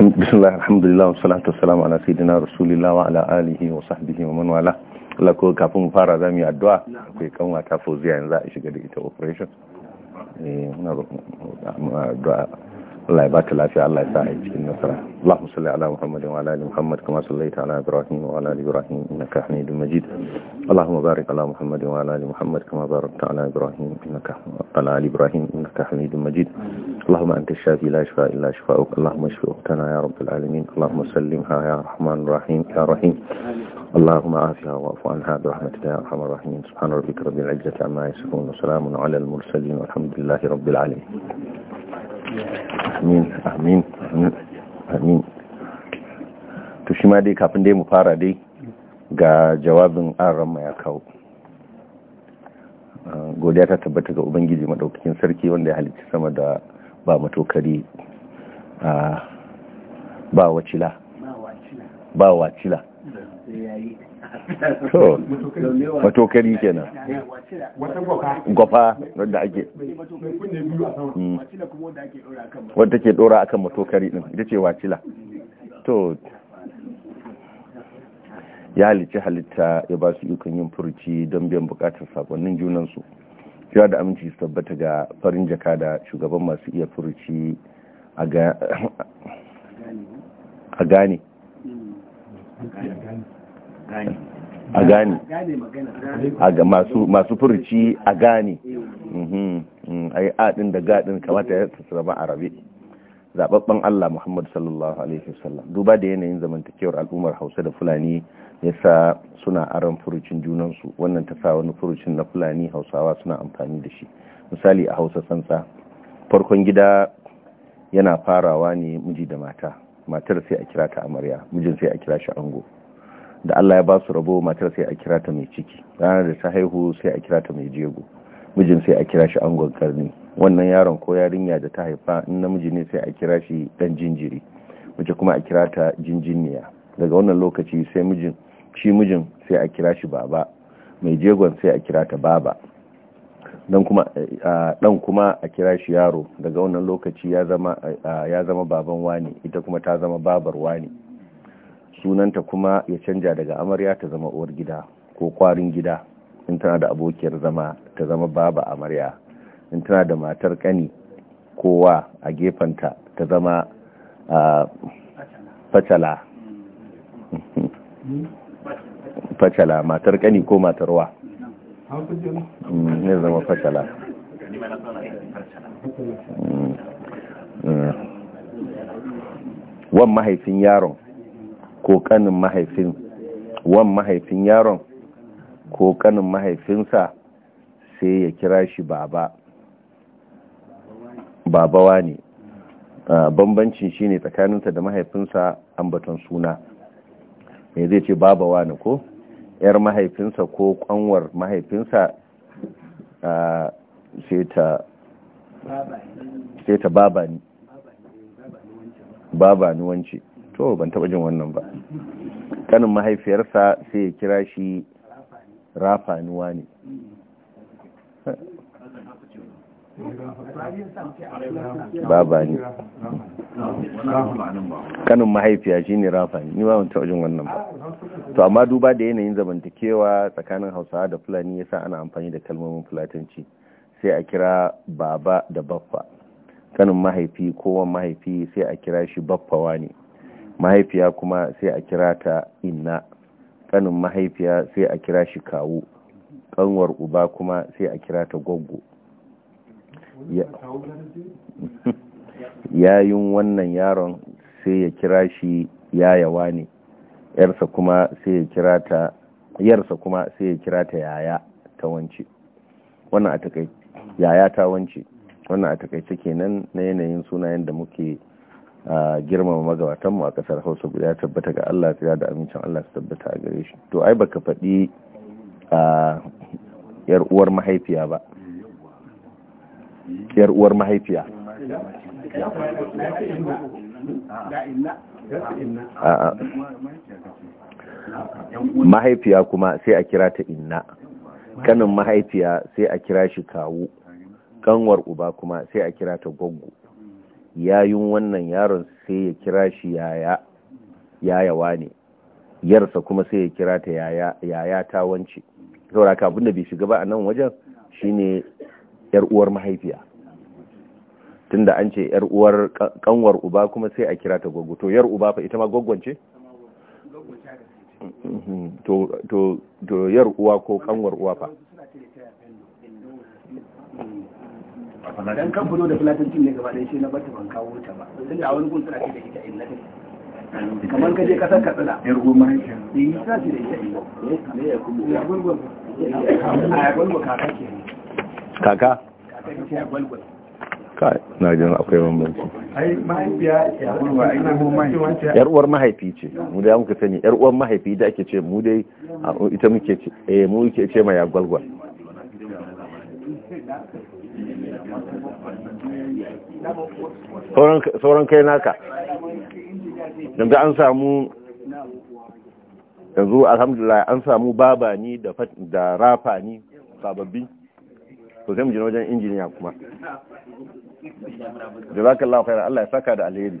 بسم الله الحمد لله والصلاة والسلام على سيدنا رسول الله وعلى آله وصحبه ومن والاه Allah ko kafin mu fara zamu yi addu'a akwai kanwa ta fauziya yanzu za a shiga da ita operation eh الله يبارك الله في الله يساعد في النصرة اللهم صل على محمد وعلى آل محمد كما صليت على إبراهيم وعلى آل إبراهيم إنك حميد مجيد اللهم بارك على محمد وعلى آل محمد كما باركت على إبراهيم إنك على آل إبراهيم إنك حميد مجيد اللهم أنت الشافي لا شفاء إلا شفاءك اللهم اشف أختنا يا رب العالمين اللهم سلمها يا رحمن الرحيم يا رحيم اللهم عافها واعف عنها برحمتك يا ارحم الراحمين سبحان ربك رب العزه عما يصفون وسلام على المرسلين والحمد لله رب العالمين Yeah. amin amin amin to shi ma dai kafin dai mu fara dai ga jawabin aran ya kawo ah, godiya ta tabbata ga ubangiji maɗaukakin sarki wanda ya halitta sama da ba matokari ah, ba wacila to matokari kenan gwafa wadda ake hmm. wadda ke dora akan matokari din ita ce wacila to ya halicci halitta ya ba su ikon yin furci don biyan bukatar sakonnin junansu cewa da aminci su tabbata ga farin jaka da shugaban masu iya furci a gane hmm. a gane masu furci a gane mhm, mhm. a yi adin da gadin kamata ya tsirama a rabe zababben Allah Muhammad sallallahu alaihi wasallam duba da yanayin zamantakewar al'ummar Hausa da Fulani ya sa suna aron furucin junansu wannan ta sa wani furucin na Fulani Hausawa suna amfani da shi misali a Hausa sansa farkon gida yana farawa ne miji da mata matar sai a kira ta amarya mijin sai a kira shi ango da Allah ya ba su rabo matar sai a kira ta mai ciki ranar da ta haihu sai a kira ta mai jego mijin sai a kira shi angon karni wannan yaron ko yarinya da ta haifa in namiji ne sai a kira shi dan jinjiri mace kuma a kira ta jinjiniya daga wannan lokaci sai mijin shi mijin sai a kira shi baba mai jegon sai a kira ta baba dan kuma dan kuma a kira shi yaro daga wannan lokaci ya zama ya zama baban wani ita kuma ta zama babar wani sunanta kuma ya canja daga amarya ta zama uwar gida ko kwarin gida in tana da abokiyar zama ta zama baba amarya in tana da matar kani kowa a gefanta ta zama fachala fachala hmm? matar kani ko matarwa ne hmm, hmm, zama fachala wan mahaifin yaron ko kanin mahaifin wan mahaifin yaron ko kanin mahaifinsa sai ya kira shi baba babawa ne bambancin ne tsakaninsa da mahaifinsa ambaton suna me zai ce babawa ne ko yar mahaifinsa ko kwanwar mahaifinsa sai ta baba ni baba ni wance to ban taba jin wannan ba kanin mahaifiyarsa sai ya kira shi rafanuwa ne baba ne kanin mahaifiya shi ne rafani ni ba ban taba jin wannan ba to amma duba da yanayin zamantakewa tsakanin hausawa da fulani yasa ana amfani da kalmomin fulatanci sai a kira baba da baffa kanin mahaifi kowan mahaifi sai a kira shi baffawa ne mahaifiya kuma sai a kira ta inna kanin mahaifiya sai a kira shi kawo kanwar uba kuma sai a kira ta goggo yayin wannan yaron sai ya kira shi yayawa ne yarsa kuma sai ya kira ta yaya ta wance wannan a takai yaya ta wance wannan a takaice kenan na yanayin sunayen da muke girmama magabatanmu a kasar hausa ya tabbata ga allah ya da amincin allah su tabbata a gare shi to ai baka faɗi yar uwar mahaifiya ba yar uwar mahaifiya mahaifiya kuma sai a kira ta inna kanin mahaifiya sai a kira shi kawu kanwar uba kuma sai a kira ta gwaggo yayun wannan yaron sai ya kira shi yaya yayawa ne yarsa kuma sai ya kira ta yaya yaya ta wance saboda kafin da bai shiga ba a nan wajen shine yar uwar mahaifiya tunda an ce yar uwar kanwar uba kuma sai a kira ta gwaggo to yar uba fa ita ma gwaggon mm-hmm. to to to yar uwa ko kanwar uwa fa dan kan fito da filatantin ne gaba da shi na bata ban kawo ta ba sai da wani gun suna da ita kamar ka je kasar katsina yi eh, sa da ita eh, ya kuma ya a eh, ya kaka ke kaka kaka na jin akwai bambanci yar uwar mahaifi ce mu da muka sani yar uwar mahaifi da ake ce mu dai ita muke ce mu ce ma ya gwalgwal sauran kai naka yanzu an samu yanzu alhamdulillah an samu baba ni da ni sababbi to zai mujina wajen injiniya kuma da za jazakallahu khairan Allah ya saka da alheri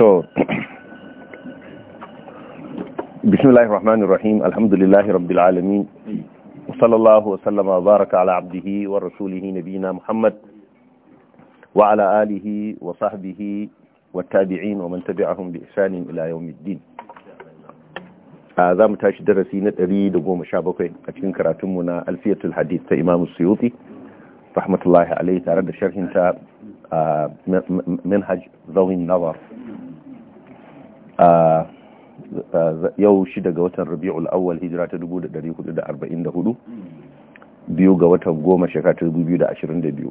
to bismillahirrahmanirrahim alhamdulillahi rabbil alamin صلى الله وسلم وبارك على عبده ورسوله نبينا محمد وعلى آله وصحبه والتابعين ومن تبعهم بإحسان إلى يوم الدين هذا متاش درسي أريد أبو شابكي أتكن كراتمنا ألفية الحديث إمام السيوطي رحمة الله عليه تارد شرح انت منهج ذوي النظر yau shida ga watan rabi'ul awwal hijira ta 1444 biyu ga watan goma shekara ta 2022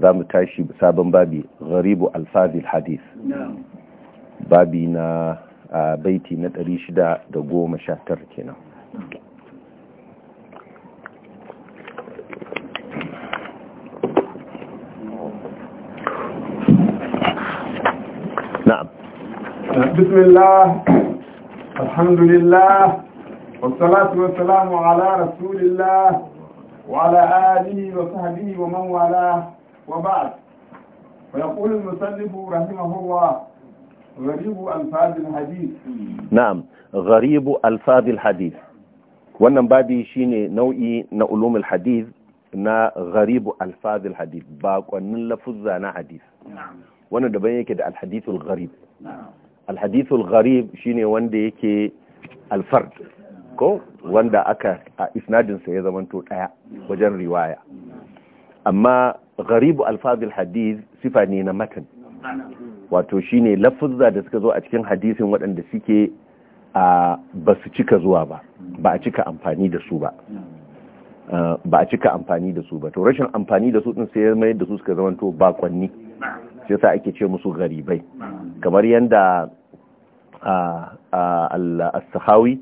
za mu tashi sabon babi gharibu alfazil hadis babi na baiti na 619 kenan بسم الله الحمد لله والصلاة والسلام على رسول الله وعلى آله وصحبه ومن والاه وبعد ويقول المسلم رحمه الله غريب ألفاظ الحديث نعم غريب ألفاظ الحديث wannan babi shine nau'i na ulumul hadith na gharibu الحديث hadith bakonnin lafuzza na hadith wannan daban yake da alhadithul gharib alhadithul gharib shine wanda yake alfard ko wanda aka a isnadin sa ya zamanto daya wajen riwaya amma gharibu alfazil hadith sifa ne na matan wato shine lafuzza da suka zo a cikin hadisin waɗanda suke a ba cika zuwa ba ba a cika amfani da su ba ba a cika amfani da su ba to rashin amfani da su din sai mai da su suka zamanto bakwanni sai sa ake ce musu garibai kamar yadda al-sahawi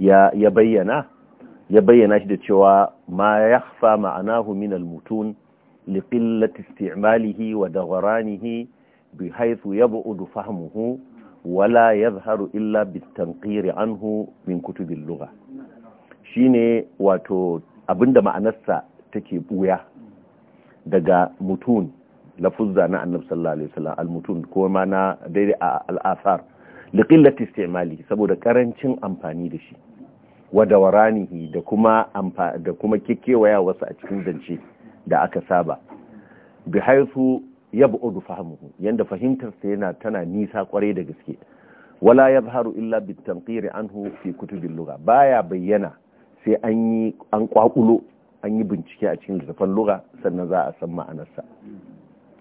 ya bayyana ya bayyana shi da cewa ma ya fa ma'anahu min al-mutun li qillati isti'malihi wa daghranihi bi haythu yab'ud fahmuhu wa la yadhharu illa bit-tanqir anhu min kutub al-lugha shine wato abinda ma'anarsa take buya daga mutun lafuzza na annabi sallallahu alaihi wasallam al-mutun ko ma na daidai al asar. liƙillati istimali saboda ƙarancin amfani da shi wada waranihi da kuma da kekewaya wasu a cikin zance da aka saba bi haisu yab'udu fahmuhu yanda fahimtar fahimtarsa yana tana nisa kwarai da gaske wala yadhharu illa bit an hu fi kutubil lugha baya bayyana sai an yi an kwakulo an yi bincike a cikin littafan luga sannan za a san ma'anarsa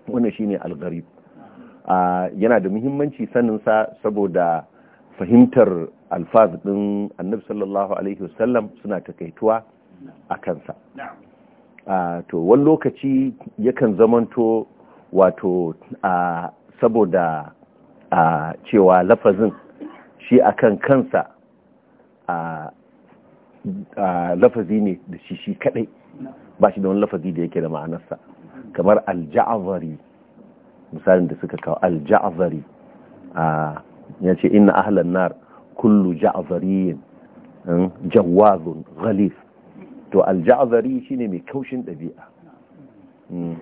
wannan shine al yana da muhimmanci saninsa saboda fahimtar alfaz ɗin annabi sallallahu alaihi wasallam suna takaituwa a kansa to wani lokaci yakan zamanto wato saboda cewa lafazin shi akan kansa lafazi ne da shi shi kadai ba shi da wani lafazi da yake da ma'anarsa kamar alja'avari misalin da suka kawo al-ja'zari ya ce inna ahlan nar kullu ja'zariyin hmm, jawazun ghalif to al-ja'zari ne mai kaushin ɗabi'a, hmm,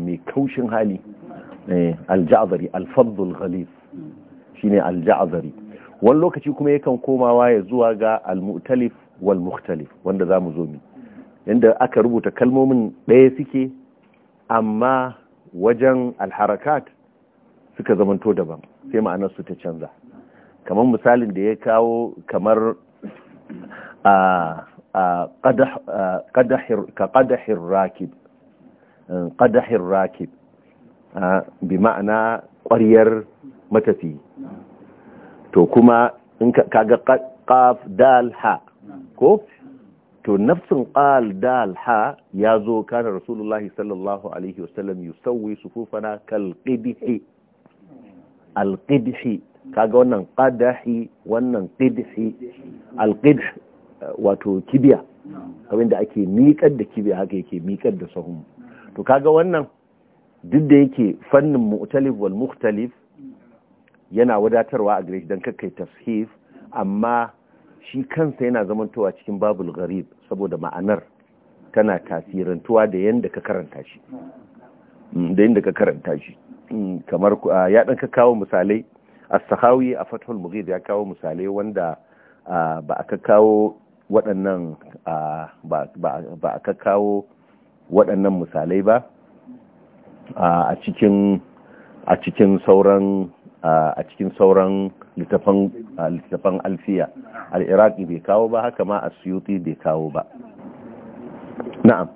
mai kaushin hali eh, al-ja'zari al-fadl ghalif shine al-ja'zari wani lokaci kuma yakan komawa ya zuwa ga al-mu'talif wal mukhtalif wanda zamu zo mi yanda aka rubuta kalmomin ɗaya suke amma wajen alharakat suka zamanto daban sai ma'anar su ta canza kamar misalin da ya kawo kamar a ka ƙadahin rakib ƙadahin eh, rakib bi ma'ana ƙwaryar matafi to kuma in kaga kaf dal ha ko to nafsin qal dal ha ya zo kana rasulullahi sallallahu alaihi wasallam yusawwi sufufana kal qidhi al qidhi kaga wannan qadahi wannan qidhi al qidh wato kibiya abinda ake miƙar da kibiya haka yake miƙar da sahun to kaga wannan duk da yake fannin mu'talif wal mukhtalif yana wadatarwa a gare shi don kakkai tashif amma shi kansa yana zamantowa cikin babul gharib saboda ma'anar tana tasirantuwa da yanda ka karanta shi mm, da yanda ka karanta shi mm, kamar ya dan ka kawo misalai as-sahawi a fathul mughir ya kawo misalai wanda ba aka kawo waɗannan ba aka kawo waɗannan misalai ba a cikin a cikin sauran a cikin sauran littafan alfiya al'iraki bai kawo ba haka ma a suyuti bai kawo ba na'am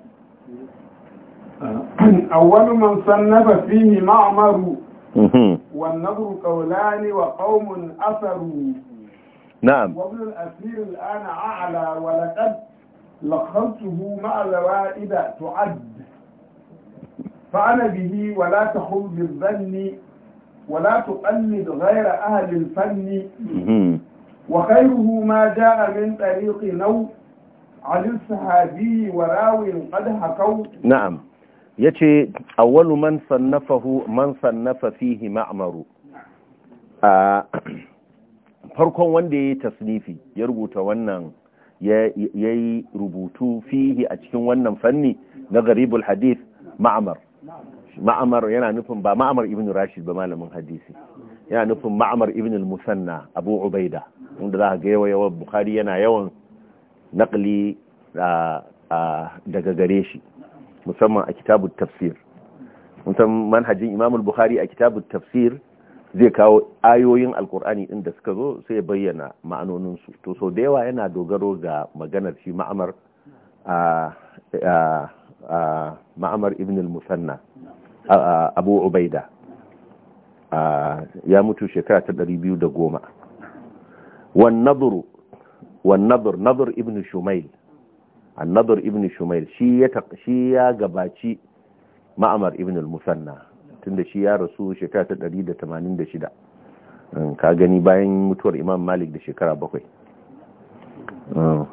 A wani awwalu man sannafa fihi ma'maru mhm. wan nabru qawlani wa qaumun asaru na'am wa ibn al-asir al-ana a'la wa laqad lakhaltuhu ma'a lawaida tu'ad fa ana bihi wa la takhul bi dhanni ولا تقلد غير أهل الفن وخيره ما جاء من طريق نو عن الصحابي وراو قد حكوا نعم yace awwalu man man sannafa fihi ma'maru farkon wanda yayi tasnifi ya rubuta wannan yayi rubutu fihi a cikin wannan fanni na garibul hadith ma'mar ma'amar yana nufin ba ma'amar ibn rashid ba malamin hadisi yana nufin ma'amar ibn musanna abu ubaida inda za ga yawa yawan bukari yana yawan nakli daga gare shi musamman a kitabun tafsir musamman manhajin imamul bukari a kitabun tafsir zai kawo ayoyin alkur'ani inda suka zo sai bayyana ma'anoninsu to sau da yawa yana dogaro ga maganar shi ma'amar ibn musanna abu ubaida ya mutu shekara ta 210 wan nadru wan nadr nadr ibn shumail an nadr ibn shumail shi ya shi ya gabaci ma'amar ibn al-musanna tunda shi ya rasu shekara ta 186 mm, ka gani bayan mutuwar imam malik da shekara bakwai mm,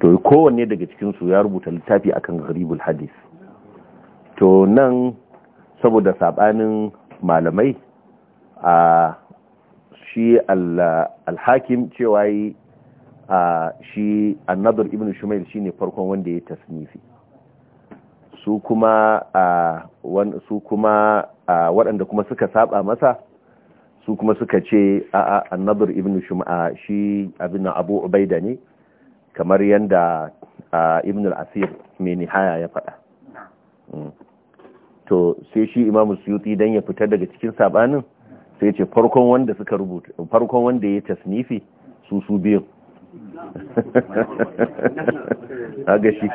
to kowanne daga cikinsu ya rubuta littafi akan gharibul hadith to nan saboda saɓanin malamai a shi alhakim cewa yi a shi annadar ibn shumail shine farkon wanda ya tasnifi su kuma a su kuma waɗanda kuma suka saba masa su kuma suka ce a annadar ibn shumail shi abin abu ubaida ne kamar yadda ibn al-asir mai nihaya ya faɗa to sai shi imamu suyuti dan ya fita daga cikin sabanin sai ce farkon wanda suka rubuta farkon wanda ya tasnifi su su biyu haga shi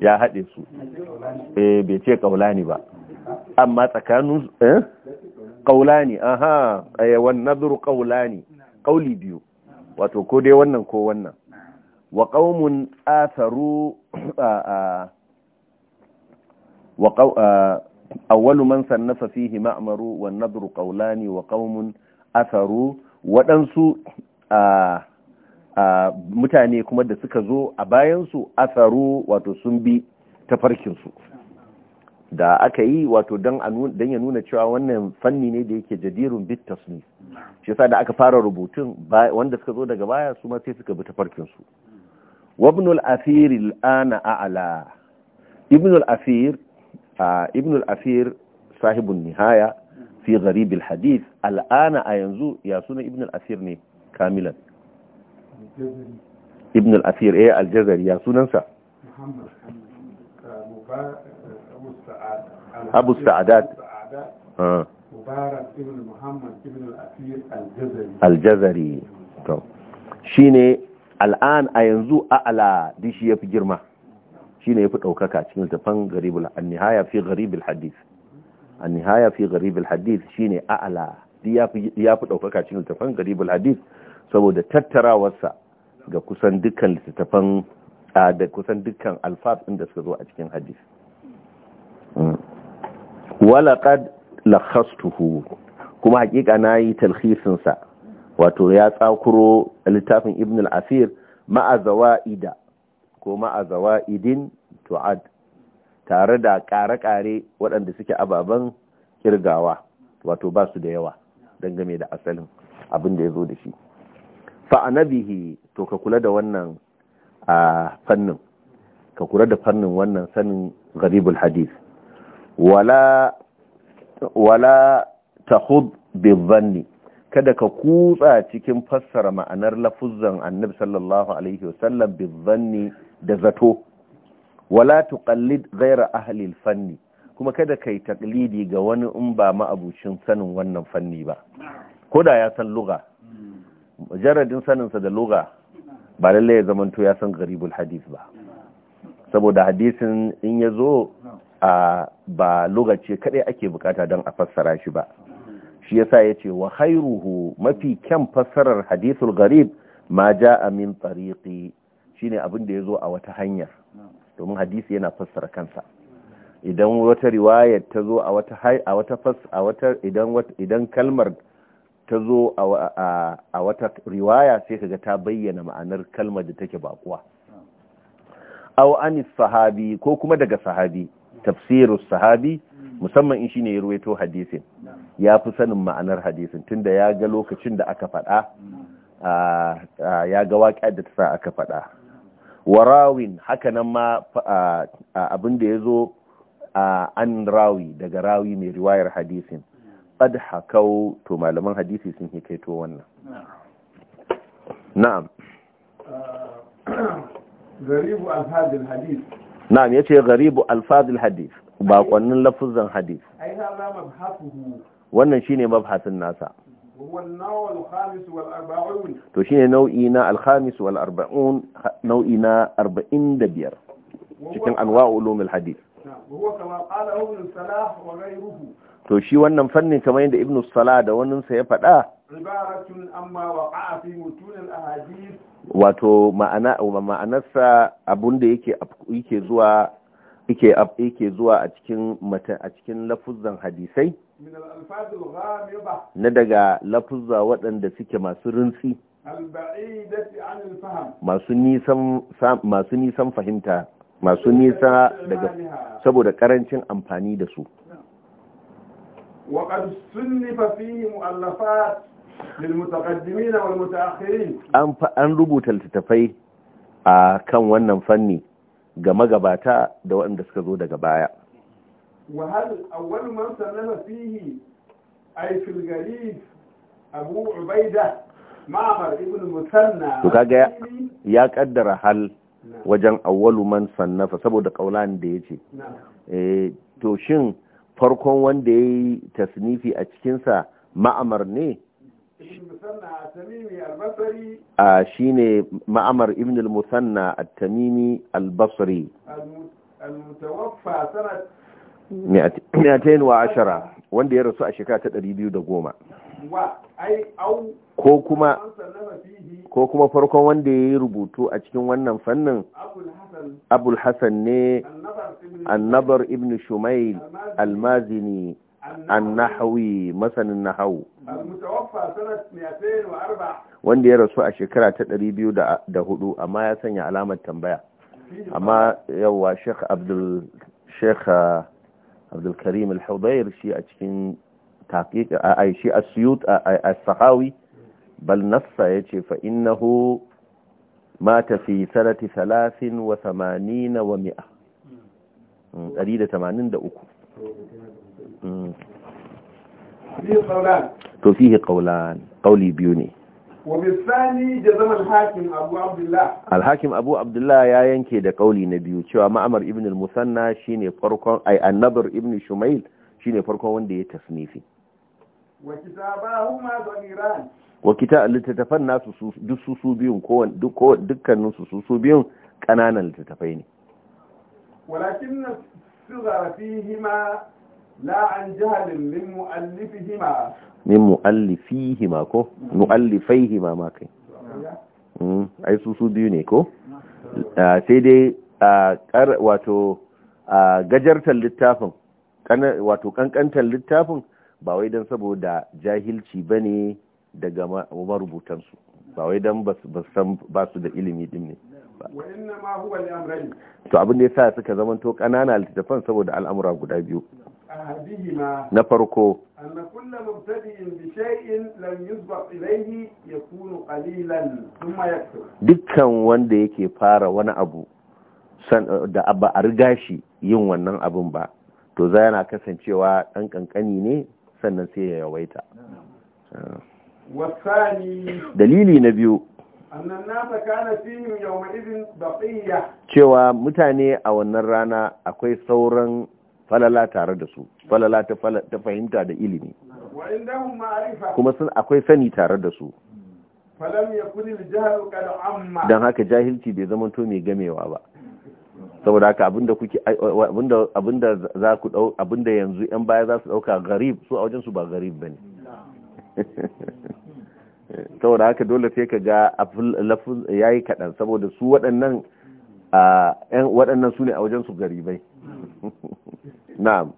ya haɗe su E bai ce kaulani ba amma tsakanin eh kaulani aha ayyawan eh, nadru kaulani kauli biyu wato ko dai wannan ko wannan wa tsasaru a a awwalu man sannafa fihi ma'maru wan nadru qawlani wa qaumun atharu waɗansu mutane kuma da suka zo a bayansu Asaru wato sun bi tafarkinsu da aka yi wato don ya nuna cewa wannan fanni ne da yake jadirun bit tasnif shi yasa da aka fara rubutun wanda suka zo daga baya su ma sai suka bi ta farkinsu. wabnul asir al'ana a'la ibnul asir آه، ابن الأثير صاحب النهاية في غريب الحديث الآن أينزو ياسون ابن الأثير ني كاملا ابن الأثير إيه الجزري ياسون أنسى أبو السعدات آه. مبارك ابن محمد ابن الأثير الجزري الجزري شيني الآن أينزو أعلى دي شيء في جرمه shine yafi daukaka cikin tafan garibul an-nihaya fi garibul hadith an-nihaya fi garibul hadith shine a'la yafi yafi daukaka cikin tafan garibul hadith saboda tattarawarsa ga kusan dukkan tafan da kusan dukkan alfaz din da suka zo a cikin hadith mm. walaqad lakhastuhu kuma hakika nayi talkhisinsa wato ya tsakuro littafin ibn al-asir ma'a zawaida ko zawa idin tu'ad tare da ƙare-ƙare waɗanda suke ababen kirgawa wato ba su da yawa game da asalin abin da ya zo da shi bihi to ka kula da wannan a fannin ka kula da fannin wannan sanin garibul hadis wala wala tahud kada ka kutsa cikin fassara ma'anar lafuzan annabi sallallahu alaihi wasallam zanni da zato wala tuqallid ghayra ahli al-fanni kuma kada kai taqlidi ga wani in ba ma'abucin sanin wannan fanni ba koda ya san lugha mujarradin sanin sa da lugha ba lalle ya zamanto ya san gharibul hadith ba saboda hadisin in yazo a ba lugha ce kadai ake bukata dan a fassara shi ba shi yasa yace wa khairuhu mafi kyan fassarar hadithul gharib ma jaa min tariqi shine abin da ya zo a wata hanyar domin hadisi yana fassara kansa idan wata riwaya ta zo a wata a wata fas a wata idan idan kalmar ta zo a wata riwaya sai kaga ta bayyana ma'anar kalmar da take bakuwa aw anis sahabi ko kuma daga sahabi tafsirus sahabi hmm. musamman in shine ya ruwaito hadisin ya fi sanin ma'anar hadisin tunda ya ga lokacin da aka faɗa hmm. ya ga waƙa da ta sa aka faɗa warawin hakanan ma abin da ya zo an rawi daga rawi mai riwayar hadisin qad hakau to malaman hadisi sun hikaito wannan na'am uh, garibu alfadil hadis na'am yace garibu alfadil hadis bakonnin lafuzan hadis ai wannan shine mabhasin nasa to shine nau'i na alhamis wal arba'un nau'i na arba'in da biyar cikin anwa'u ulumul hadith to shi wannan fannin kamar yadda ibnu salah da wannan sa ya faɗa wato ma'ana ma'anarsa abun da yake yake zuwa yake yake zuwa a cikin a cikin lafuzzan hadisai na daga lafuzza waɗanda suke masu rinsi, masu nisan fahimta masu nisa daga saboda karancin amfani da su an rubuta littattafai a kan wannan fanni ga magabata da waɗanda suka zo daga baya وهل أول من سلم فيه أي في الجليد أبو عبيدة معمر ابن المثنى يا قدر هل wajen awwalu man sannafa saboda kaulan da ya ce eh, to shin farkon wanda ya yi tasnifi a cikinsa ma'amar ne a shi ne ma'amar ibn al-musanna at-tamimi al-basri al-mutawaffa sanat mi'atain wa wanda ya rasu a shekara ta ɗari ko kuma farkon wanda ya yi rubutu a cikin wannan fannin abul hassan ne annabar ibn shumail almazini annahawi masanin nahawu wanda ya rasu a shekara ta ɗari hudu amma ya sanya alamar tambaya amma yawa sheikh abdul sheikh abdulkarim al-hudair shi a cikin taƙiƙa a shi a suyut a sahawi bal nassa ya ce fa innahu mata fi sarati talatin wa samanina wa mi'a hmm, ɗari da tamanin da uku hmm. to fihe ƙaulan ƙauli biyu ne Alhakim Abu Abdullah ya yanke da ƙauli na biyu cewa ma'amar Ibn al-Musanna shine farkon ai annabar Ibn Shumail shine farkon wanda ya tasnifi. Wa kitabahuma zaliran. Wa kitab nasu su duk su biyun ko dukkanin su su biyun kananan littattafai ne. Walakin nasu zarafihima la an jahalin min mu'allifihima min mu'allifihima ko mu'allifaihima ma kai ai biyu ne ko sai dai wato gajartar littafin wato kankantar littafin ba wai don saboda jahilci ba ne daga su. ba wai don ba su da ilimi din ne to abin da ya sa suka zamanto ƙanana littattafan saboda al'amura guda biyu na farko dukkan wanda yake fara wani abu da ba a riga shi yin wannan abin ba to za yana kasancewa ɗan ƙanƙani ne sannan sai ya yawaita dalili na biyu cewa mutane a wannan rana akwai sauran falala tare da su falala ta fahimta da ilimi kuma sun akwai sani tare da su don haka jahilci bai zama to mai gamewa ba saboda haka abinda kuke abinda za ku dau abinda yanzu yan baya za su dauka garib su a wajen su ba garib bane saboda haka dole sai ka ga ya yayi kadan saboda su waɗannan a waɗannan su ne a wajen su garibai na'am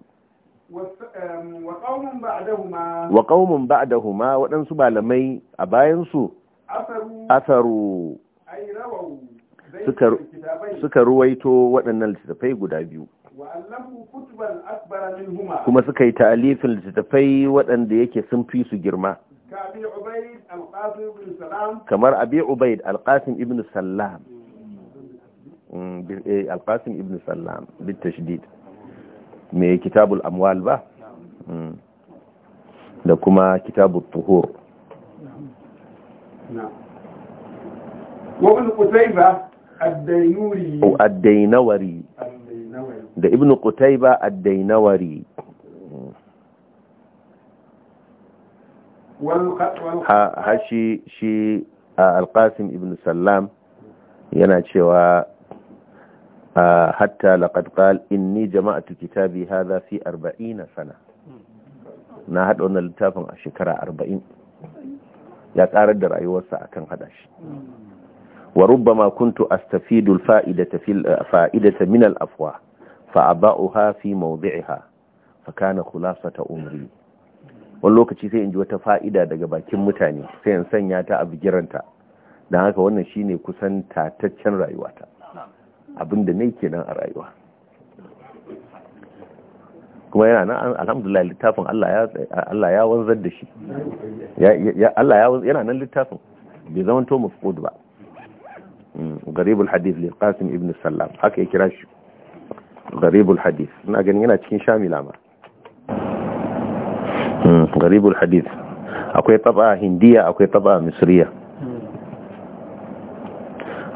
wa qaumun ba'dahuma waɗansu malamai a bayansu asaru suka ruwaito waɗannan littattafai guda biyu kuma suka yi ta'alifin littattafai waɗanda yake sun fi su girma kamar abi ubaid alqasim ibn salam alƙasim ibn sallam bitashdid mai kitabul amwal ba da kuma kitabul tuhur wabin kutaiba addainawari da ibn kutaiba addainawari ha shi alƙasim ibn sallam yana cewa hatta laqad qal inni jama'atu kitabi hadha fi 40 sana na hada wannan littafin a shekara arba'in. ya karar da rayuwarsa akan haɗa shi wa rubbama kuntu astafidu alfa'idata fil fa'idata min alafwa fa'aba'uha fi mawdi'iha fa kana khulasata umri wani lokaci sai in ji wata fa'ida daga bakin mutane sai in sanya ta a bigiranta don haka wannan shine kusan tataccen rayuwata abinda ne kenan a rayuwa kuma yana nan alhamdulillah littafin Allah ya wanzar da shi Allah yana nan littafin bai zama to mafkud ba mm, garibul hadith lil qasim ibn sallam haka ya kira shi garibul hadith ina ganin yana cikin shamila ma mm, garibul hadith akwai taba hindiya akwai taba misriya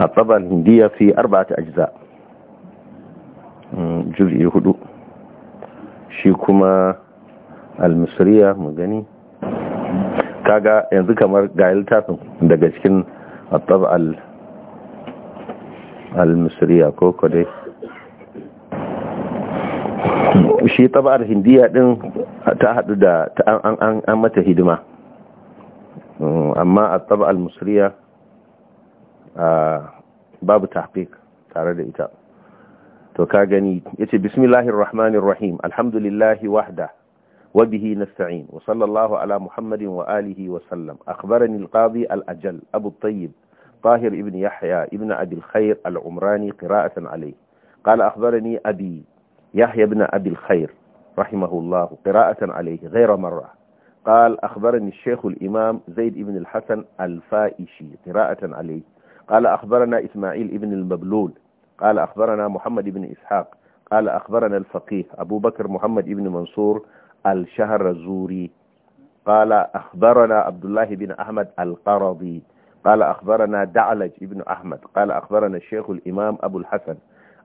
الطبعة الهندية في أربعة أجزاء جزء هدوء شيكما المصرية مغني kaga yanzu kamar ga daga cikin attab al-misriya ko kodai shi tabar hindiya din ta haɗu da an mata hidima amma a al-misriya babu tahqiq tare da ita to ka gani yace bismillahir rahmanir rahim alhamdulillahi wahda wa bihi nasta'in wa sallallahu ala muhammadin wa alihi wa sallam akhbarani al-qadi al-ajal abu at-tayyib طاهر ابن يحيى ابن أبي الخير العمراني قراءة عليه قال أخبرني أبي يحيى بن أبي الخير رحمه الله قراءة عليه غير مرة قال أخبرني الشيخ الإمام زيد بن الحسن الفائشي قراءة عليه قال أخبرنا إسماعيل ابن المبلول قال أخبرنا محمد بن إسحاق قال أخبرنا الفقيه أبو بكر محمد بن منصور الشهر الزوري قال أخبرنا عبد الله بن أحمد القرضي قال أخبرنا دعلج ابن أحمد قال أخبرنا الشيخ الإمام أبو الحسن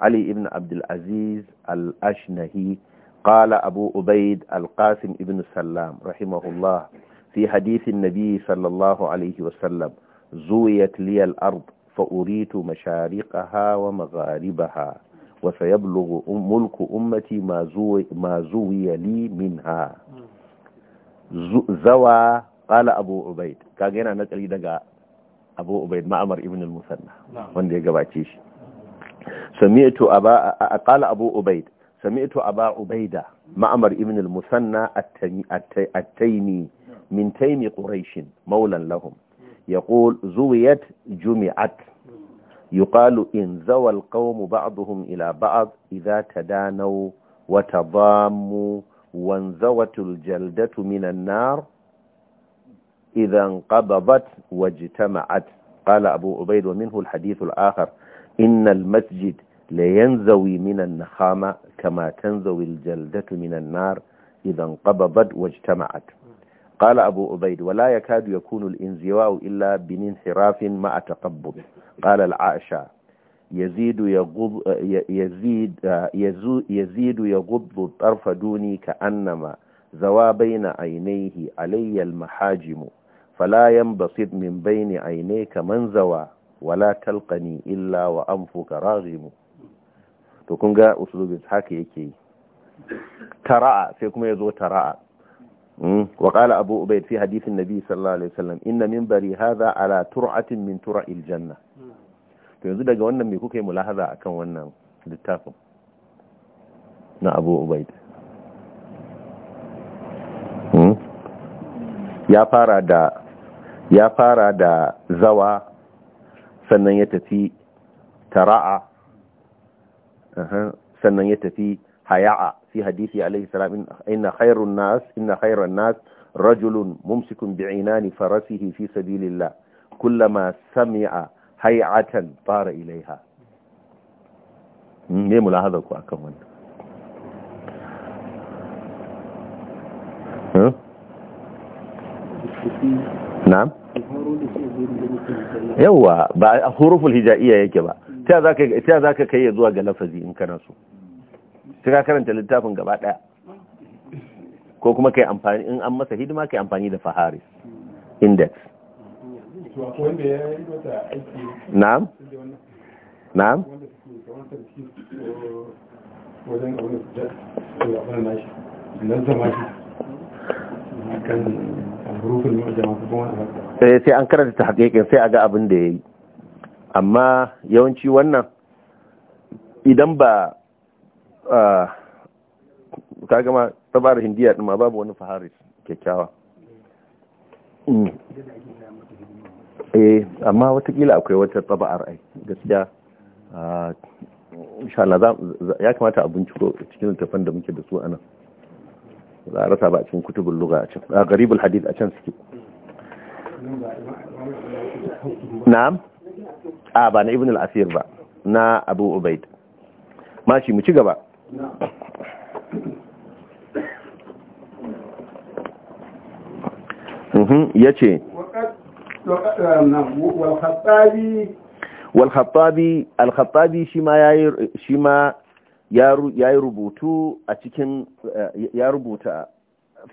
علي ابن عبد العزيز الأشنهي قال أبو أبيد القاسم ابن السلام رحمه الله في حديث النبي صلى الله عليه وسلم زويت لي الأرض فأريت مشارقها ومغاربها وسيبلغ ملك أمتي ما زوي, ما زوي لي منها زوى قال أبو عبيد كاقينا نتقلي دقاء أبو عبيد معمر ابن المثنى وان دي قباتيش سمعت أبا قال أبو عبيد سمعت أبا عبيدة معمر ابن المثنى التيني من تيم قريش مولا لهم يقول زويت جمعت يقال إن زوى القوم بعضهم إلى بعض إذا تدانوا وتضاموا وانزوت الجلدة من النار إذا انقبضت واجتمعت قال أبو عبيد ومنه الحديث الآخر إن المسجد لينزوي من النخامة كما تنزوي الجلدة من النار إذا انقبضت واجتمعت قال أبو أبيد ولا يكاد يكون الإنزواء إلا بانحراف مع تقبض قال العائشة يزيد يغض يزيد يزيد يغض الطرف دوني كأنما زوا بين عينيه علي المحاجم فلا ينبسط من بين عينيك من زوا ولا تلقني إلا وأنفك راغم تكونغا أسلوب haka yake tara'a sai kuma yazo tara'a Waƙala hmm? أبو أبيد في حديث النبي صلى الله عليه وسلم إن منبري هذا على ترعة من yanzu daga wannan mai kuka yi mulahaza a kan wannan littafin na abu ubaid ya fara da zawa sannan ya tafi tara'a ya tafi haya'a fi hadisi alayhi salam inna khayrun nas inna khayrun nas rajulun mumsikun bi'inani farasihi fi sabilillah kullama sami'a hay'atan fara ilaiha hmm, me mulahazar ku akan wannan hmm? na'am yawa ba huruful hijaiya yake ba ta za ka kai zuwa ga lafazi in kana so sai ka karanta littafin gaba ɗaya ko kuma kai amfani in an masa hidima kai amfani da faharis index na'am na'am eh, sai an karanta ta hakikin sai a ga abin da ya yi amma yawanci wannan idan ba ta gama tabarar hindiya ɗin ma babu wani fahari kyakkyawa mm. eh, amma watakila akwai wata taba'ar ai gaskiya insha Allah ya kamata a binciko cikin littafin da muke da su anan za a rasa ba a cikin kutubul lugha a can a garibul hadith a can suke na'am a ba na ibn al-asir ba na abu ubaid mashi mu ci gaba Mhm, ya ce walhattabi eh, alhattabi shi ma ya yi rubutu a cikin eh, ya rubuta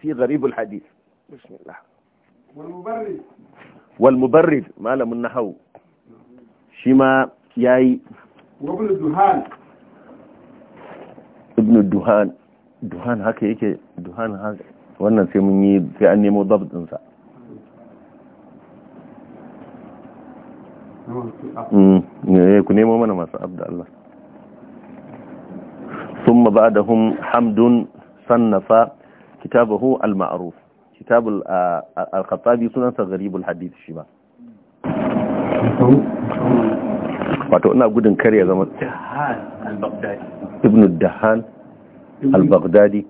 fi gharibul walmubarrid malamin nahau shi ma ya yi ibn duhan duhan haka yake duhan haka wannan sai mun yi sai an nemo dabdinsa mm, eh, ku nemo mana masu abdallah sun ma ba hamdun sannafa kitabahu al-ma'aruf kitab al-khattabi sunansa garibul hadith shi ba wato ina gudun kare zama jihar al-baghdadi ibn dahan al-baghdadi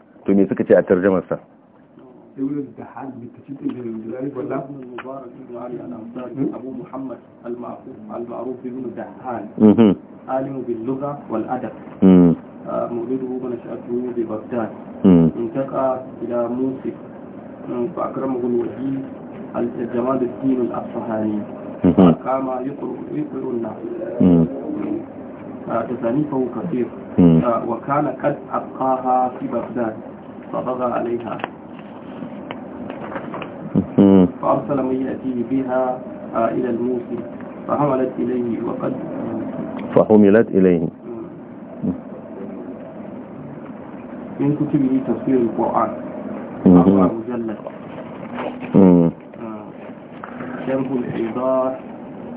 ابو محمد المعروف المعروف ابن الدحان عالم باللغه والادب آه، مولده ونشأته ببغداد انتقى إلى موسف آه، فأكرمه الوزير جمال الدين الأصفهاني قام يقرأ الناس تزانيفه كثير آه، وكان قد أبقاها في بغداد فبغى عليها فأرسل من يأتيه بها آه، إلى الموسي فحملت إليه وقد فحملت إليه من كتبه تفسير القرآن أربع مجلد آه، شرح الإيضاح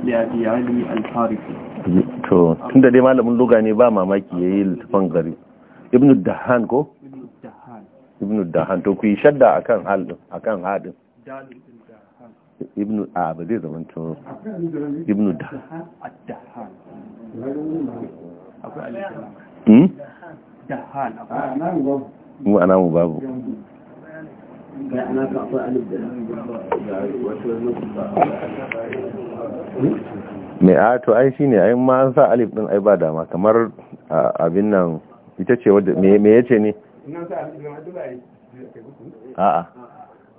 لأبي علي الحارثي to tun da dai malamin luga ne ba mamaki ya yi littafin gari ibn dahan ko ibn dahan to ku yi shadda a kan akan hadin a ba zai zama to ibn dahan dahan dahan dahan ana mu babu ma'ana ka akwai alif da wato mai a to ai shine ai ayin ma'an sa alif din ai ba dama kamar abin nan ita ce wadda me yace ne a'a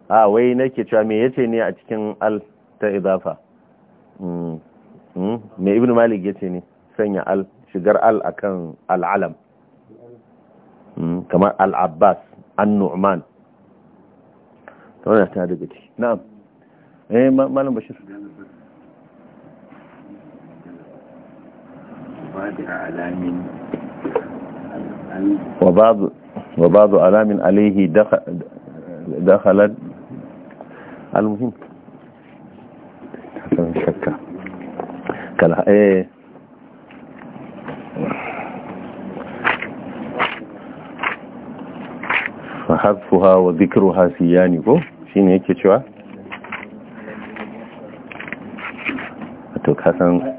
a wai nake cewa me yace ne a cikin al ta idafa mm, mm. me Ibn malik yace ne sanya al shigar al akan al'alam mm, kamar al-abbas an-nu'man ta daga ciki na'am eh malam bashir وبعض وبعض علام عليه دخل دخلت المهم شكا كلا ايه فحذفها وذكرها سياني كو شنو هيك تشوا to kasan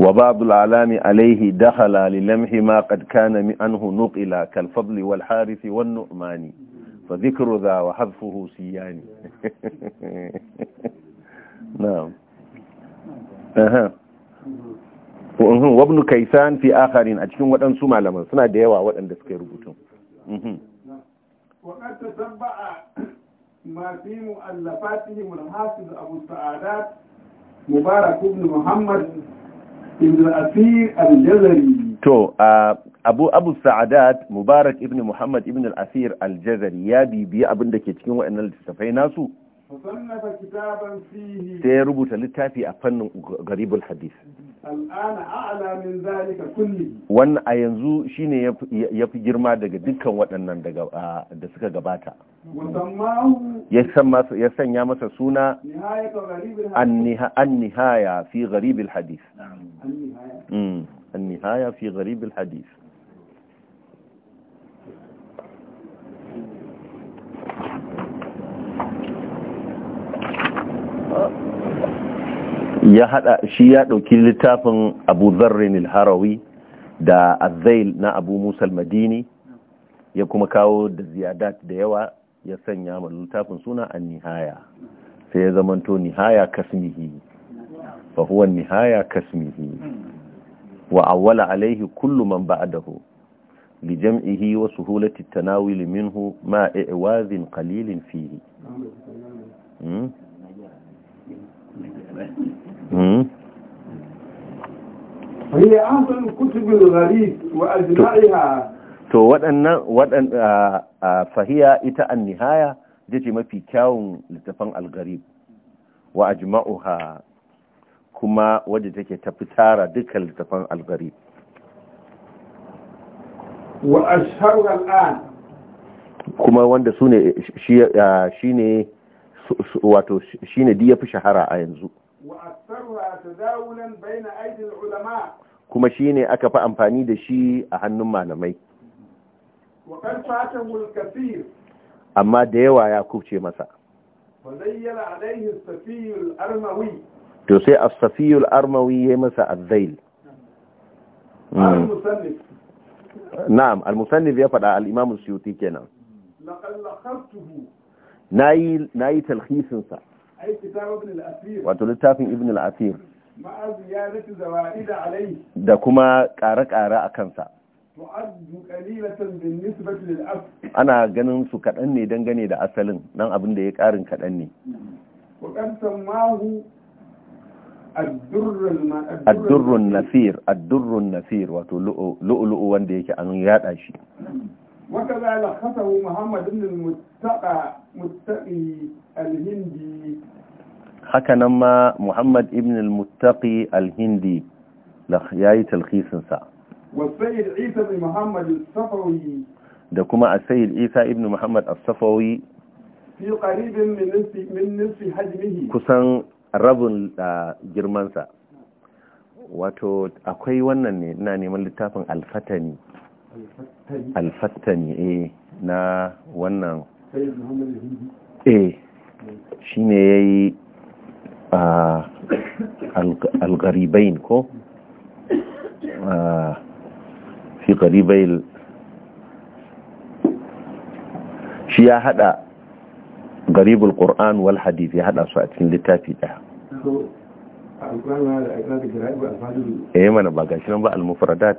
وبعض العلام عليه دخل للمح ما قد كان عنه نقل كالفضل والحارث والنعمان فذكر ذا وحذفه سيان نعم أها وابن كيسان في آخرين أجل وأن سمع لما سنة ديوة وأن دسكي ربطون وقد تسبع ما في مؤلفاتهم الحافظ أبو السعادات مبارك بن محمد بن الأثير الجزري تو abu abu sa'adat mubarak ibn muhammad ibn al-asir al-jazari ya bibiyi abin da ke cikin waɗannan littattafai nasu sai ya rubuta littafi a fannin garibul Hadis. wannan a yanzu shine ya fi girma daga dukkan waɗannan da suka gabata ya sanya masa suna an nihaya fi gharib hadis hadis ya hada shi ya dauki littafin abu zarrin harawi da azail na abu musal madini ya kuma kawo da ziyadat da yawa ya sanya ma littafin suna an nihaya sai ya zamanto nihaya kasmihi fa huwa nihaya kasmihi wa awwala alaihi kullu man ba'dahu li jam'ihi wa suhulati tanawili minhu ma i'wazin qalilin fihi hmm? Hmm? to waɗannan waɗan ita an nihaya ce mafi kyawun littafan algarib wa ajma'uha kuma wadda tafi tara dukkan littafan algarib wa kuma wanda wato shi ne fi shahara a yanzu kuma shi ne aka fi amfani da shi a hannun malamai amma da yawa ya kubce masa to sai a safiyul armawi ya yi masa az-zail hmm. na'am al-musannif ya faɗa al imamu suyuti kenan na yi talhisinsa wato littafin ibn al-asir da kuma ƙare-ƙare a kansa ana ganin su kaɗan ne dangane da asalin nan abin da ya ƙarin kaɗan ne addurrun nasir addurrun nasir wato lu'ulu'u wanda yake an yada shi وكذا لخصه محمد بن المتقى متقي الهندي حكنا ما محمد بن المتقي الهندي لخياي تلخيص سا والسيد عيسى بن محمد الصفوي ده كما السيد عيسى ابن محمد الصفوي في قريب من نصف من نصف حجمه كسان rabin girman sa wato akwai wannan ne ina neman littafin alfatani alfattani eh na wannan eh shi ne ya yi algaribain ko fi shi ya hada garibul ƙor'an wal hadith ya hada su a cikin littafi ɗaya eh mana ba gashi nan ba al-mufradat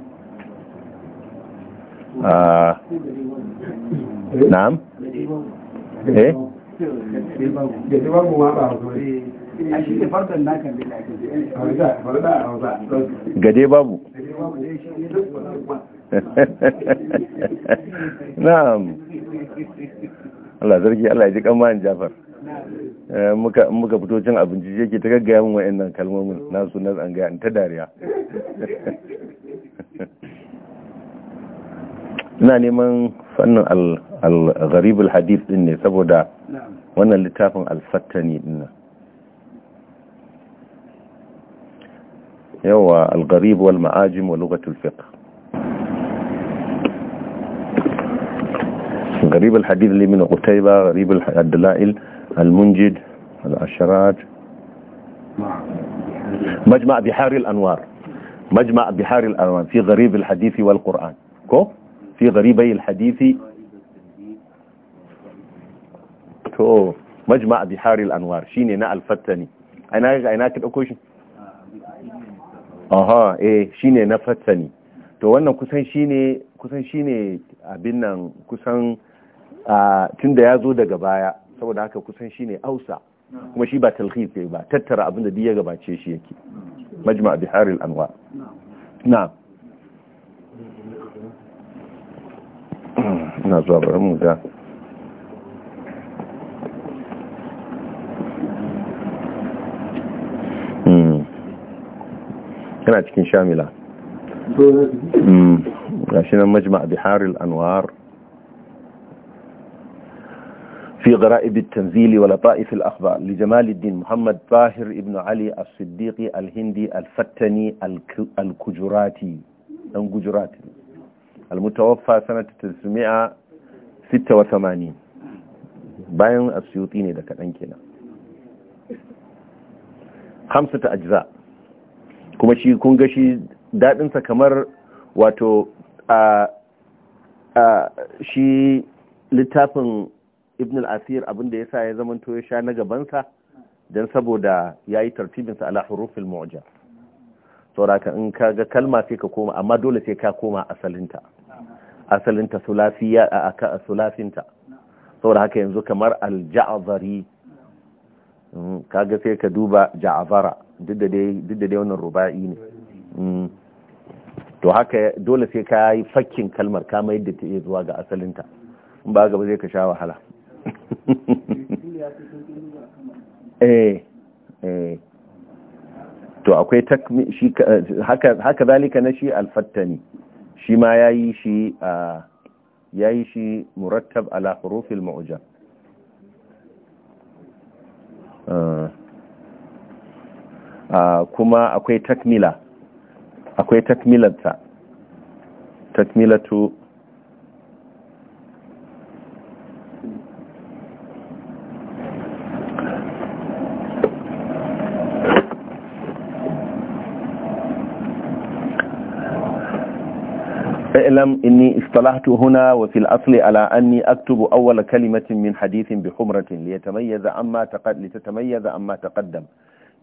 Ah, na'am eh gade babu na'am Allah zargi Allah ya ji kamanin Jafar eh, muka muka fito cin abinci yake ta gaggaya min wa'annan kalmomin na nasu na zanga ta dariya ina neman fannin al-gharibul hadith din ne saboda wannan littafin al-fattani din nan yawa al-gharib wal ma'ajim wa lughatul fiqh gharib al-hadith li min qutayba gharib al-dalail al-munjid al-asharat majma' bihar al مجمع بحار الأنوار مجمع بحار الأنوار في hadith wal quran ko fi gharibai alhadisi to majma' bihar al-anwar shine na al-fattani ina ga ina ka dauko shi aha eh shine na fattani to wannan kusan shine kusan shine abin nan kusan tunda ya zo daga baya saboda haka kusan shine ausa kuma shi ba talhis ba tattara abinda da ya gabace shi yake majma' bihar al-anwar na'am ina zuwa bari mu ga yana cikin shamila gashi majma' في غرائب التنزيل ولطائف الأخبار لجمال الدين محمد طاهر ابن علي الصديقي الهندي الفتني الكجراتي الكجراتي almutawaffa sanata 986 bayan asyuti ne da kaɗan kenan hamsa ta ajza kuma shi kun ga shi daɗinsa kamar wato a shi littafin ibn al-asir abinda ya sa ya zamanto ya sha na gabansa don saboda ya yi tartibinsa ala hurufin mu'ajar sauraka in ka ga kalma sai ka koma amma dole sai ka koma asalinta asalinta sulafiya a aka sulafinta saboda haka yanzu kamar al-ja'zari mm, kaga sai ka duba ja'azara duk da dai wannan ruba'i ne mm. to haka dole sai ka yi fakkin kalmar kama yadda ta iya zuwa ga asalinta in ba gaba zai ka sha wahala eh eh to akwai haka zalika na shi alfattani shi ma ya yi shi a ya yi shi murattab ala hurufil ma'uja kuma akwai takmila akwai takmilarta takmilatu اعلم إني اصطلحت هنا وفي الأصل على أني أكتب أول كلمة من حديث بحمرة ليتميز عما تقد لتتميز عما تقدم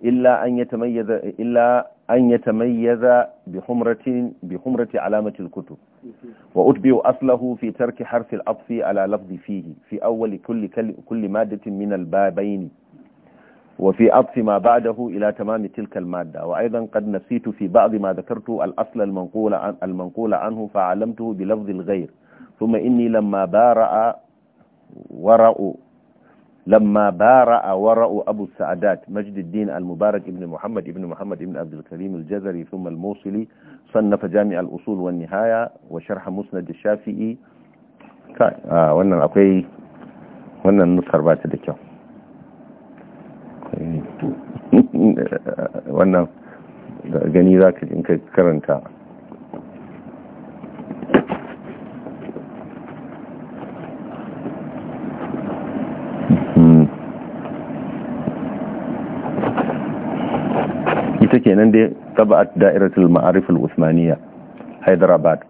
إلا أن يتميز إلا أن يتميز بحمرة بحمرة علامة الكتب وأتبع أصله في ترك حرف العطف على لفظ فيه في أول كل كل مادة من البابين وفي عطف ما بعده إلى تمام تلك المادة وأيضا قد نسيت في بعض ما ذكرت الأصل المنقول, عن المنقول عنه فعلمته بلفظ الغير ثم إني لما بارأ ورأ لما بارأ ورأ أبو السعدات مجد الدين المبارك ابن محمد ابن محمد ابن عبد الكريم الجزري ثم الموصلي صنف جامع الأصول والنهاية وشرح مسند الشافعي آه wannan akwai wannan nusar ba Eh, wannan gani za ka in karanta hmm. ita kenan dai tabat da'iratul ma'arif al-usmaniyya Hyderabad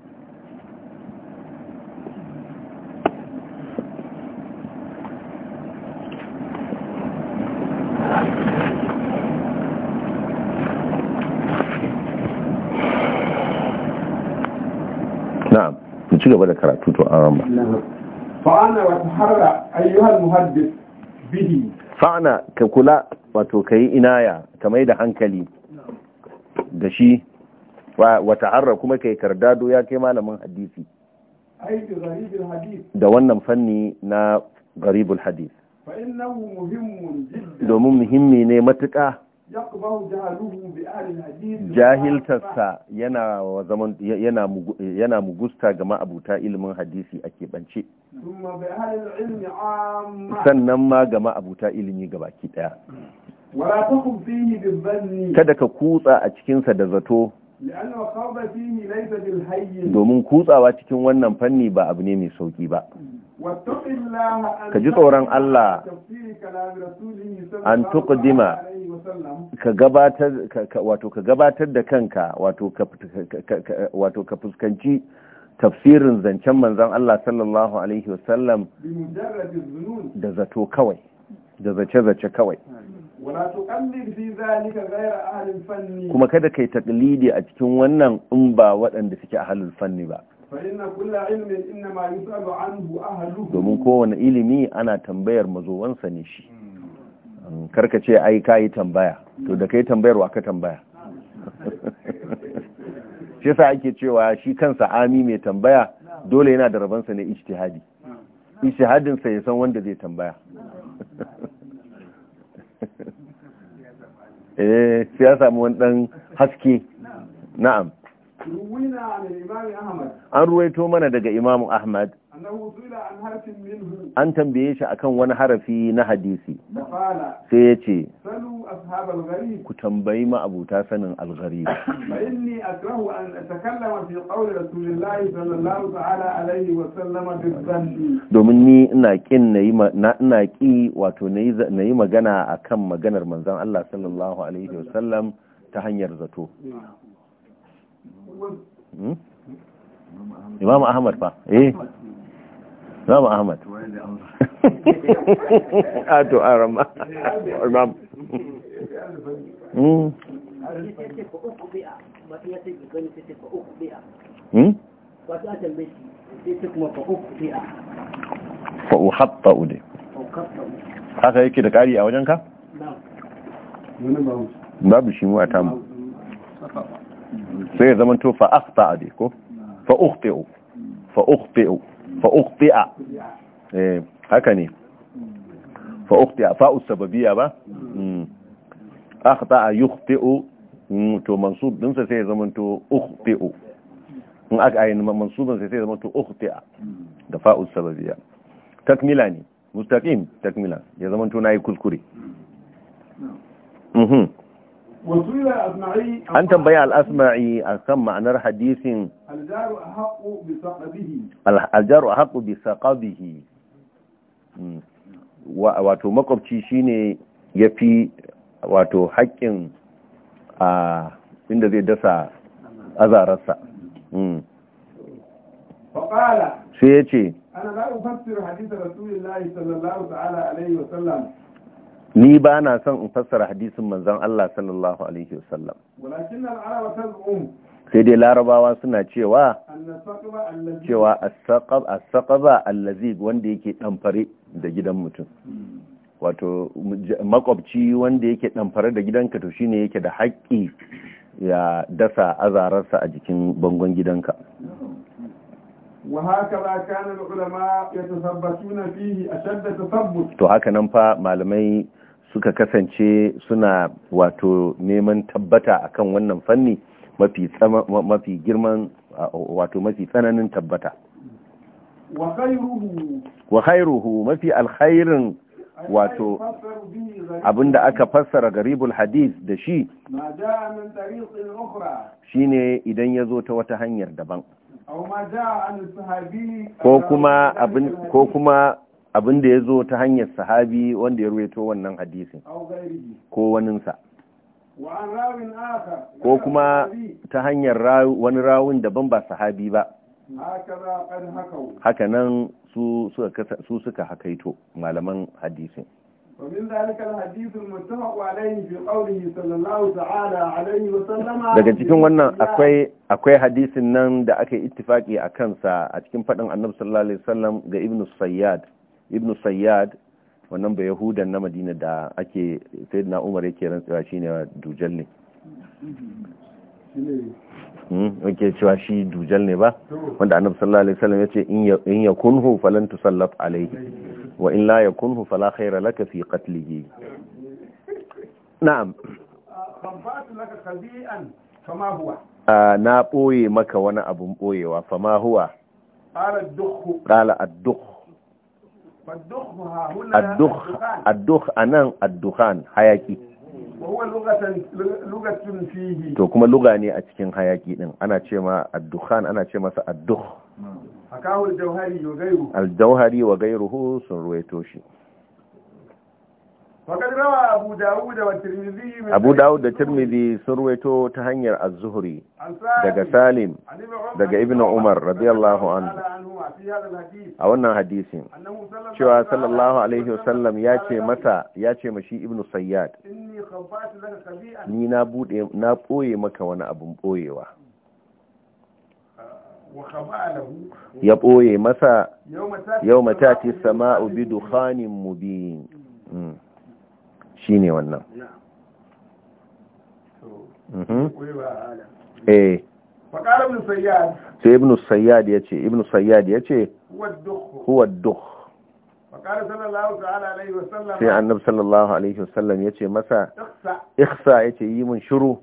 harra ayyuhal muhaddis bihi fa'ana ka kula wato ka yi inaya ka mai da hankali da shi wata harra kuma kai kardado ya kai malamin hadisi da wannan fanni na garibul hadis domin muhimmi ne matuƙa jahiltarsa yana zaman yana mugusta ga ma'abuta ilimin hadisi a keɓance sannan ma ga ma'abuta ilimi gabaki ɗaya kada ka kutsa a cikinsa da zato domin kutsawa cikin wannan fanni ba abu ne mai sauki ba ka ji tsoron Allah an tuqdima ka gabatar wato ka gabatar da kanka wato ka fuskanci tafsirin zancen manzan Allah sallallahu alaihi wasallam da zato kawai da zace-zace kawai kuma kada kai taklidi a cikin wannan in ba waɗanda suke halin fanni ba domin kowane ilimi ana tambayar mazowansa ne shi karka ce ai ka yi tambaya to da kai wa ka tambaya shi sa ake cewa shi kansa ami mai tambaya dole yana da rabansa ne ishtihadi ishtihadinsa ya san wanda zai tambaya eh sai ya samu wani dan haske na'am an ruwaito mana daga imamu ahmad an tambaye shi akan wani harafi na hadisi sai ya ce ku tambayi ma'abuta sanin algari domin ni ina kin na ki wato na yi magana akan maganar manzan Allah sallallahu alaihi wasallam ta hanyar zato Hmm? Hmm? imam ahmad fa eh imam ahmad a to arama imam hmm? fa'uhatta ude haka yake da ƙari a wajenka? babu shi mu a tamu sai zama to fa akhta abi ko fa ukhti'u fa ukhti'u fa ukhti'a eh haka ne fa ukhti'a fa usbabiyya ba hmm. akhta yukhti'u hmm, to mansub din sa sai zama to ukhti'u in aka ayin mansubin sai sai zama to ukhti'a da fa usbabiyya takmila ne mustaqim takmila ya zama to nayi kuskure mhm an tambaya al'asma'i a kan ma'anar hadisin aljaru a haƙo bisa ƙabihi wato makwabci shine ya fi wato haƙƙin a inda zai dasa azararsa sai ya ce ana za a fassir hadisa rasulullahi sallallahu ta'ala alaihi wasallam ni ba na son in fassara hadisin manzon Allah sallallahu alaihi wasallam sai dai larabawa suna cewa cewa as-saqaba allazi wanda yake damfare da gidan mutum hmm. wato makwabci wanda yake damfare da gidanka to shine yake da haƙƙi ya dasa azararsa a jikin bangon gidanka hmm. وهكذا كان العلماء يتثبتون فيه suka kasance suna wato neman tabbata akan wannan fanni girman wato mafi tsananin tabbata wahairuhu khairuhu mafi alkhairin wato abinda aka fassara garibul hadith da shi shine idan ya zo ta wata hanyar daban ko kuma abin da ya zo ta hanyar sahabi wanda ya ruwaito wannan hadisin ko waninsa ko kuma ta hanyar wani rawun daban ba sahabi ba haka nan su suka hakaito malaman hadisin ومن ذلك الحديث المتفق عليه في قوله صلى الله تعالى عليه وسلم daga cikin wannan akwai akwai hadisin nan da aka yi ittifaki a kansa a cikin fadin Annabi sallallahu alaihi wasallam ga Ibn Sayyad Ibn Sayyad wannan ba Yahudan na Madina da ake Sayyidina Umar yake rantsuwa shine dujal ne hmm, yake cewa shi dujal ne ba wanda Annabi sallallahu alaihi wasallam yace in yakunhu falantu tusallaf alaihi wa in la kunhu fala khaira laka fi qatlihi na'am khamfatu laka khabi'an fama huwa ah na boye maka wani abun boyewa fama huwa qala ad-dukh qala ad-dukh ad-dukh anan ad-dukhan hayaki to kuma lugha ne a cikin hayaki din ana cewa ad-dukhan ana cewa masa ad-dukh aljauhari wa gairuhu sun ruwaito shi abu dawud da tirmidhi sun ruwaito ta hanyar az-zuhri daga salim daga Ibn umar radiyallahu anhu a wannan hadisin cewa sallallahu alaihi wasallam ya ce masa ya ce mashi ibnu sayyad ni na bude na boye maka wani abun boyewa ya ɓoye masa yau matati sama'u bi dukhanin bi. Mm. shi ne wannan mhm. eh ibn sayyad ya ce ibn sayyad ya ce huwa duk sai annab sallallahu alaihi wasallam ya ce masa iksa ya ce yi mun shiru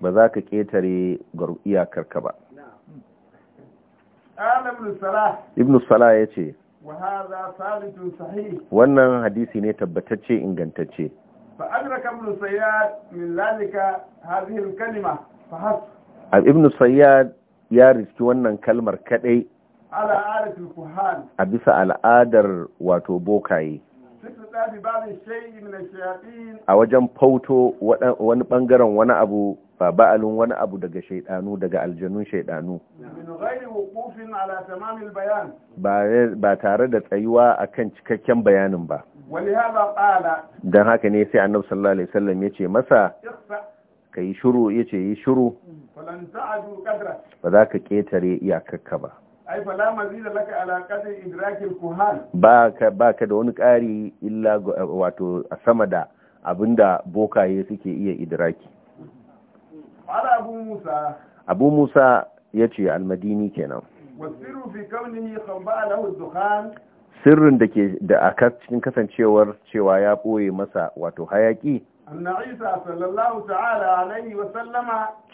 ba za ka ƙetare iyakarka ba ibn salah ya ce wannan hadisi ne tabbatacce ingantacce ibn sayyad ya riski wannan kalmar kadai a bisa al'adar wato bokaye a wajen fauto wani bangaren wani abu ba ba'alun wani abu daga shaidanu daga aljanun shaidanu ba tare da tsayuwa akan cikakken bayanin ba don haka ne sai annabi sallallahu alaihi wasallam yace masa kai shiru yace yi shuru ba za ka ketare iyakarka ba ai fala mazida laka ala qadri idrakil kuhan ba ka ba ka da wani ƙari illa wato sama da abinda bokaye suke iya idraki abu musa ya ce almadini kenan sirrin da ke da aka cikin kasancewar cewa ya ɓoye masa wato hayaƙi.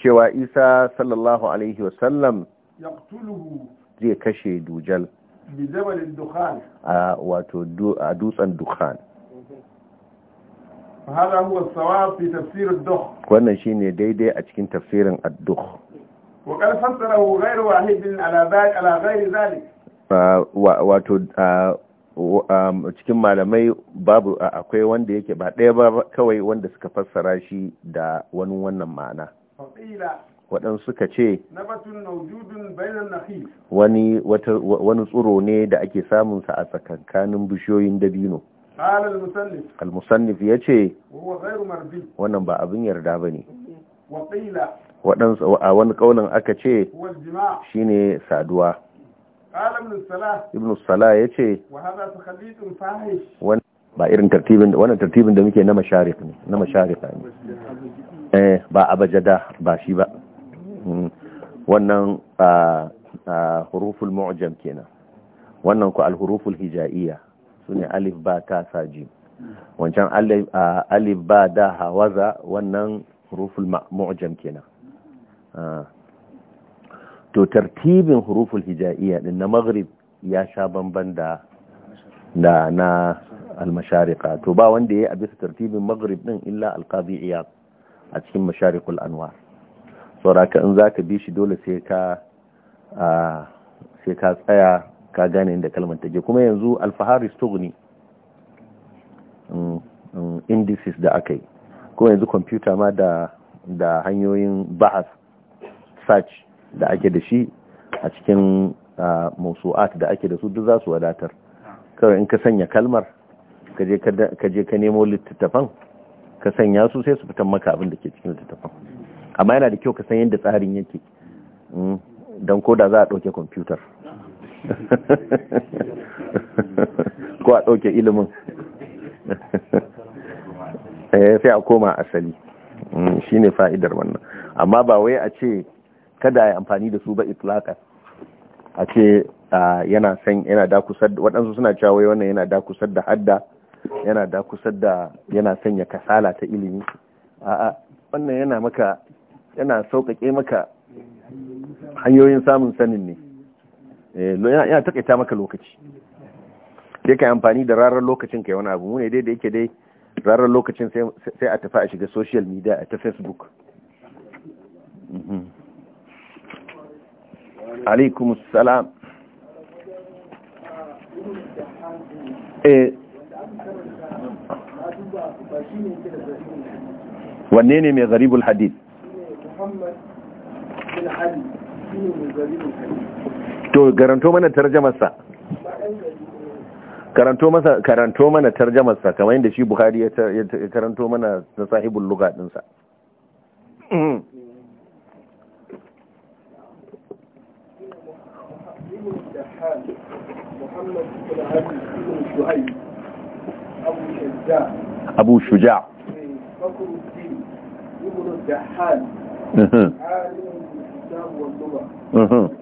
cewa isa sallallahu alaihi wasallam zai kashe dujal a wato a dutsen dukhan فهذا هو الصواب في تفسير الدخ وانا شيني دي دي اتكين تفسير الدخ وقال فسره غير واحد على ذلك على غير ذلك واتو cikin malamai babu akwai wanda yake ba ɗaya ba kawai wanda suka fassara shi da wani wannan ma'ana waɗansu suka ce wani tsoro ne da ake samunsa a tsakankanin bishiyoyin dabino al-musannif ya ce wannan ba abin yarda ba ne a wani ƙaunin aka ce shi ne saduwa ibn sala ya ce ba irin tartibin wannan tartibin da muke na masharif ne na masharifa ne eh ba abajada ba shi ba wannan huruful mu'jam kenan wannan ku al-huruful hija'iyya su ne alif ba ta saji wancan alif ba da hawaza wannan huruful mu'jam kenan to tartibin huruful hija'iyya din na maghrib ya sha bamban da da na almasharika to ba wanda yayi a bisa tartibin maghrib din illa alqadi iyad a cikin masharikul anwar saboda in zaka bi shi dole sai ka sai ka tsaya ka gane inda kalmar take kuma yanzu alfahari stogni mm, mm, indices da aka yi kuma yanzu kwamfuta ma da hanyoyin bahas search da ake da shi a cikin mausu'at da ake da su duk za su wadatar kawai in ka sanya kalmar ka je ka nemo littattafan ka sanya su sai su fitan maka abin da ke cikin littattafan amma yana da kyau ka san yadda tsarin yake mm, don koda za a ɗauke kwamfutar ko a ɗauke ilimin eh, sai a koma asali mm, shi ne fa'idar wannan amma ba wai a ce kada ya amfani da su ba itlaka a ce yana san yana da kusa. waɗansu suna cewa wannan yana kusa da hadda yana da kusar da yana sanya kasala ta ilimi a'a wannan yana maka yana sauƙaƙe maka hanyoyin samun sanin ne Eh, yana takaita maka lokaci sai ka amfani da rarar lokacin kai wani abu ne dai da yake dai rarar lokacin sai a tafi a shiga social media a ta facebook mhm. alaikum salam eh. wanne ne mai garibul hadith to karanto mana tarjamarsa karanto masa karanto mana sa kamar yadda shi Bukhari ya karanto mana na sahibul lugha din sa mm-hmm. Abu Shuja Abu mm-hmm. Shuja mm-hmm.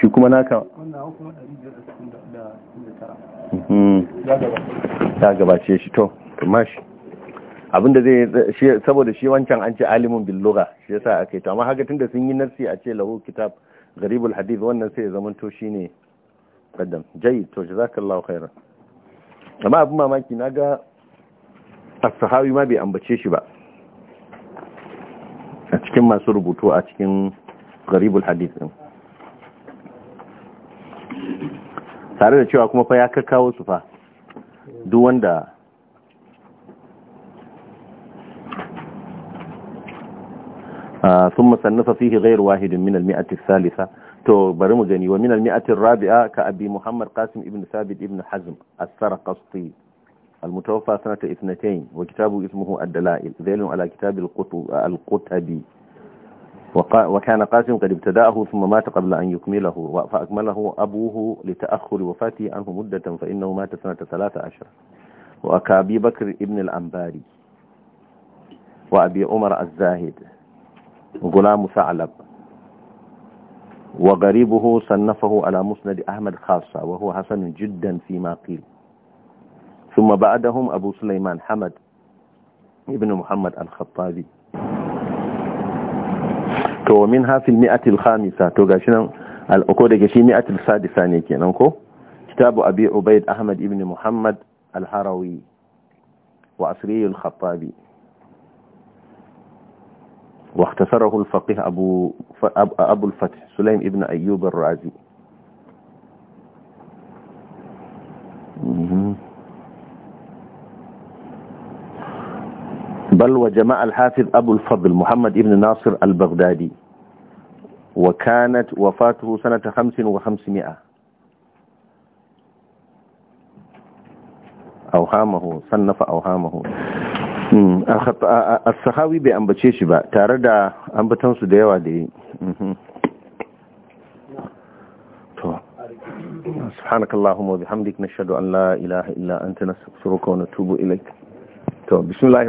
shi kuma naka mhm. Ya gabace shi to mashi abinda zai shi saboda shi wancan an ce alimun billuga shi yasa aka yi to amma haka tunda sun yi narsi a ce lahu kitab garibul hadith wannan sai ya zama to ne kaddam jayyid to lau kairan. amma abin mamaki na ga a sahawi ma bai ambace shi ba a cikin masu rubutu a cikin garibul hadith din tare da cewa kuma fa ya kakkawo su fa duk wanda sun ah, musannafa fihe zai ruwa hidin min almi'atis salisa to bari mu gani wa min almi'atis rabi'a ka abi muhammad qasim ibn sabit ibn hazm asara kasti المتوفى سنة اثنتين وكتابه اسمه الدلائل ذيل على كتاب القطب القطبي وكان قاسم قد ابتدأه ثم مات قبل أن يكمله فأكمله أبوه لتأخر وفاته عنه مدة فإنه مات سنة ثلاثة عشر وأكابي بكر ابن الأنباري وأبي عمر الزاهد غلام ثعلب وغريبه صنفه على مسند أحمد خاصة وهو حسن جدا فيما قيل ثم بعدهم أبو سليمان حمد ابن محمد الخطابي to min hafil mi'atil khamisa to gashi nan ko da shi mi'atil sadisa ne kenan ko kitabu abi ubaid ahmad ibn muhammad al-harawi wa asri al-khattabi واختصره الفقيه أبو, أبو الفتح سليم ابن أيوب الرازي بل وجماع الحافظ أبو الفضل محمد بن ناصر البغدادي وكانت وفاته سنة خمس وخمسمائة أوهامه صنف أوهامه السخاوي بأن بچيش با تاردا أن ديوا دي سبحانك اللهم وبحمدك نشهد أن لا إله إلا أنت نسك ونتوب إليك بسم الله